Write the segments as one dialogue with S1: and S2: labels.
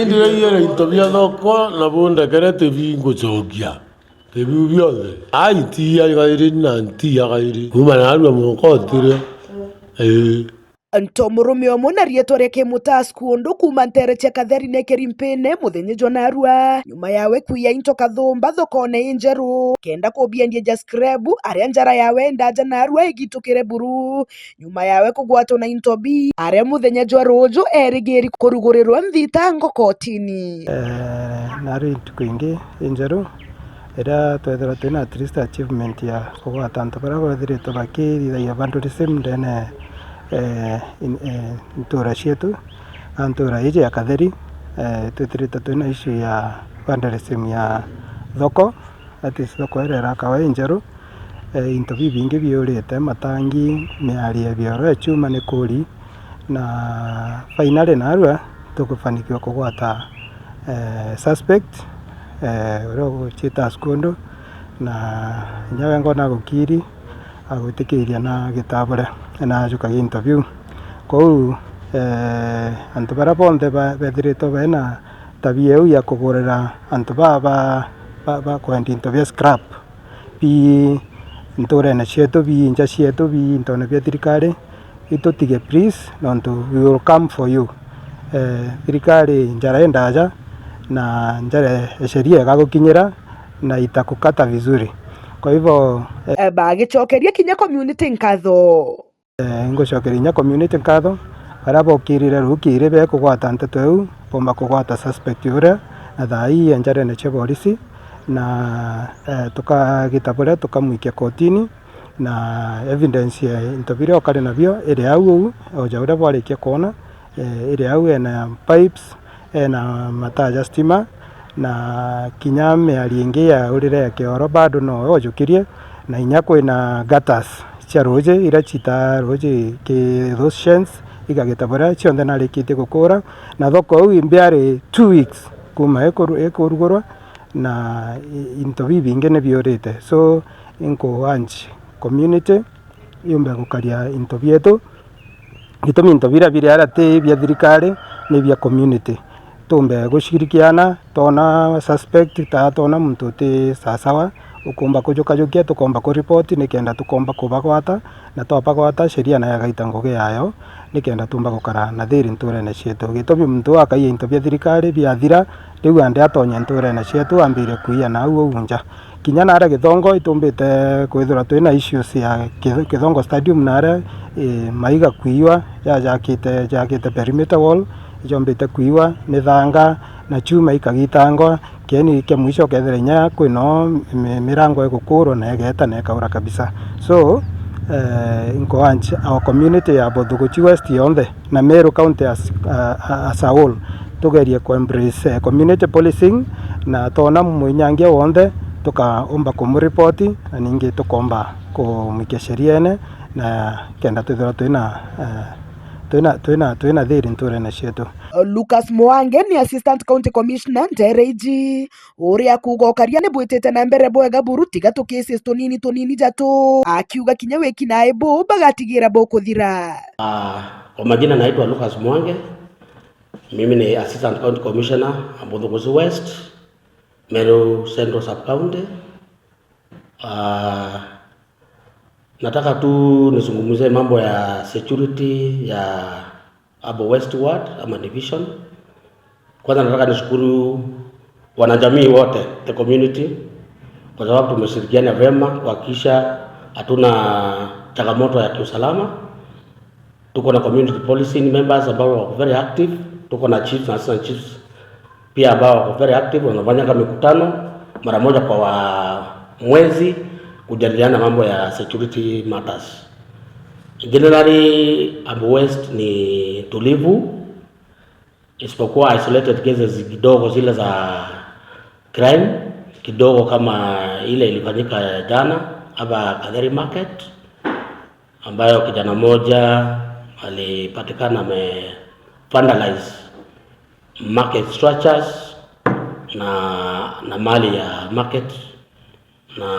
S1: indi yaiyera into biathokwa na bundekere tibi ngucokia tibiu biothe ai ntiagairi na ntiagairi kuma narua mukotire ĩĩ
S2: ee nto mũrũme ũmwe na rĩetwa rĩake mũtasku ũndũ kuma nterechia katherine kĩrimpĩne mũthenyenjwa narua nyuma yawe kuia into kathumba thokone injeru kenda kũbiendie jaskrebu arĩa njara yawe ndaja narua ĩgitũkĩre buru nyuma yawe kũgwatwo na into b arĩa mũthenyenjwa rũnjũ erĩgĩri kũrugũrĩrwo nthitango kotini
S3: nari eh, narĩ ituko injeru ĩrĩa twethera twĩna at least achievement ya kũgwata nto barĩa bathirĩtwo bakĩthithagia vandũ rĩsĩmndene Eh, eh, ntura ciitũ ntura itũra iji ya katheri eh, twitirite twina issue ya vandalism ya thoko ati thoko ere irakawa ii njeru into bibingi biurite matangi miarie bioro ya chuma ni kuri na finally narua tukufanikiwa kugwata suspect uria uguchiita Skundu na nyawe ngona gukiri agwitikiria na gitabure nachoka gi interview kou eh, antu baria bonthe beethiritwe bena tabia iu ya kugurira antu baba bakwendia into bia scrap bii nturene cietu bii nja cietu bii intone bia thirikari itutige please nontu we will come for you eh, thirikari njara endaja na njara e sheria igagukinyira na itakukata vizuri kwa hivyo
S2: eh, eh bagicokeria kinya community nkatho
S3: Eh, ngũcokeria community ngatho aria bookirire ruukiri beekugwata nteto iu boomba suspect uria na thaii e njarene borisi na eh, tukagita buria tukamwikia kootini na evidence ya into biria okari nabio iri au ou oja uria bwarikia kwona iri eh, au ena pipes ena mataa ja stima na kinya miario ingi ya urire ya kioro bado noowe ojukirie na inya kwina gutters. Chiaroje irachita roje ke Russians igageta bara chionde nari kite gukura na thoko u imbiari 2 weeks kuma ekurugurwa na into bibinge nebiorite so nkuanji community yumbe gukaria into bietu gitumi into bira biri ara ti bia thirikari ni bia community tumbe gushirikiana tona suspect ta tona muntu ti sasawa ukumba kujukajukia tukomba kuripoti nikenda tukomba kubagwata na twabagwata sheria na yagaita ngugi yayo nikenda tumba gukara na thiri nturene cietu gitumi muntu akaiya into bia thirikari biathira riu ande atonya nturene cietu ambire kuiya nau au nja kinya nare githongo itumbite kwithira twina issues cia githongo stadium nare e, maiga kuiywa yajakite jakite perimeter wall ijombite kuiwa mithanga na chuma ikagitangwa kieni kia mwisho kethira inya kwinoo mirango igukurwa na egeta na ikaura kabisa so uh, eh, nkoanch our community ya bothuguchi west yonthe na meru county as, uh, as a whole tugerie ku embrace uh, community policing na tona mwinyangia wonthe tukaumba kumuripoti na ningi tukomba kumwikia sheriene na kenda twithira twina uh, toina thiri nture na citu
S2: uh, Lucas Mwange ni assistant county commissioner ndereji uria kuga ukaria ni bwitite na mbere bwega buru tiga tu cases tunini tunini jatu akiuga kinya wiki nae bu bagatigira bukuthira
S4: uh, kwa majina naitwa Lucas Mwange mimi ni assistant county commissioner Ambuthukusi West Meru Central Sub County uh, Nataka tu nizungumzie mambo ya security ya Abo Westward ama division. Kwanza nataka nishukuru wanajamii wote, the community, kwa sababu tumeshirikiana vyema kuhakikisha hatuna changamoto ya kiusalama. Tuko na community policy members ambao wako very active, tuko na chiefs na assistant chiefs pia ambao wako very active, wanafanya mikutano mara moja kwa wa mwezi kujadiliana mambo ya security matters. Generally Abu West ni tulivu, isipokuwa isolated cases kidogo zile za crime kidogo, kama ile ilifanyika jana hapa Kadhari Market ambayo kijana mmoja alipatikana ame vandalize market structures na na mali ya market na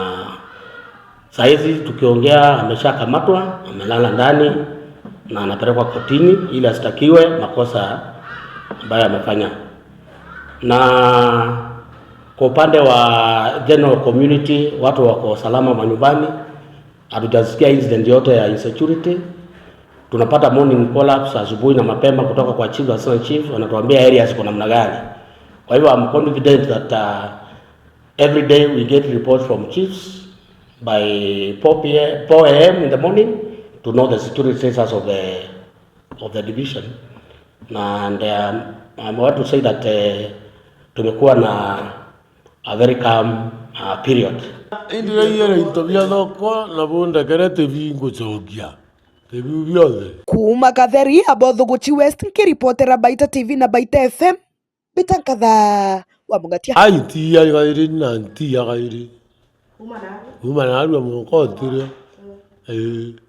S4: Saa hizi tukiongea ameshakamatwa, amelala ndani na anapelekwa kotini ili asitakiwe makosa ambayo amefanya. Na kwa upande wa general community, watu wako salama manyumbani, hatujasikia incident yote ya insecurity. Tunapata morning collapse asubuhi na mapema kutoka kwa chief, assistant chief wanatuambia area ziko namna gani. Kwa hivyo I'm confident that uh, every day we get reports from chiefs by 4 p.m., 4 a.m. in the morning to know the security status of the of the division and um, I'm want to say that uh, tumekuwa na a very calm uh, period
S1: indireire into bia thoko na bundekere tibingucokia tibiu biothe
S2: kuuma gatheri bodo thuguchi west nkiripotera baita tv na baita fm bitan kadha wa mungatia
S1: aiti ya gairi na ntia gairi Humanaru. Humanaru, a mon um compte, tu vois.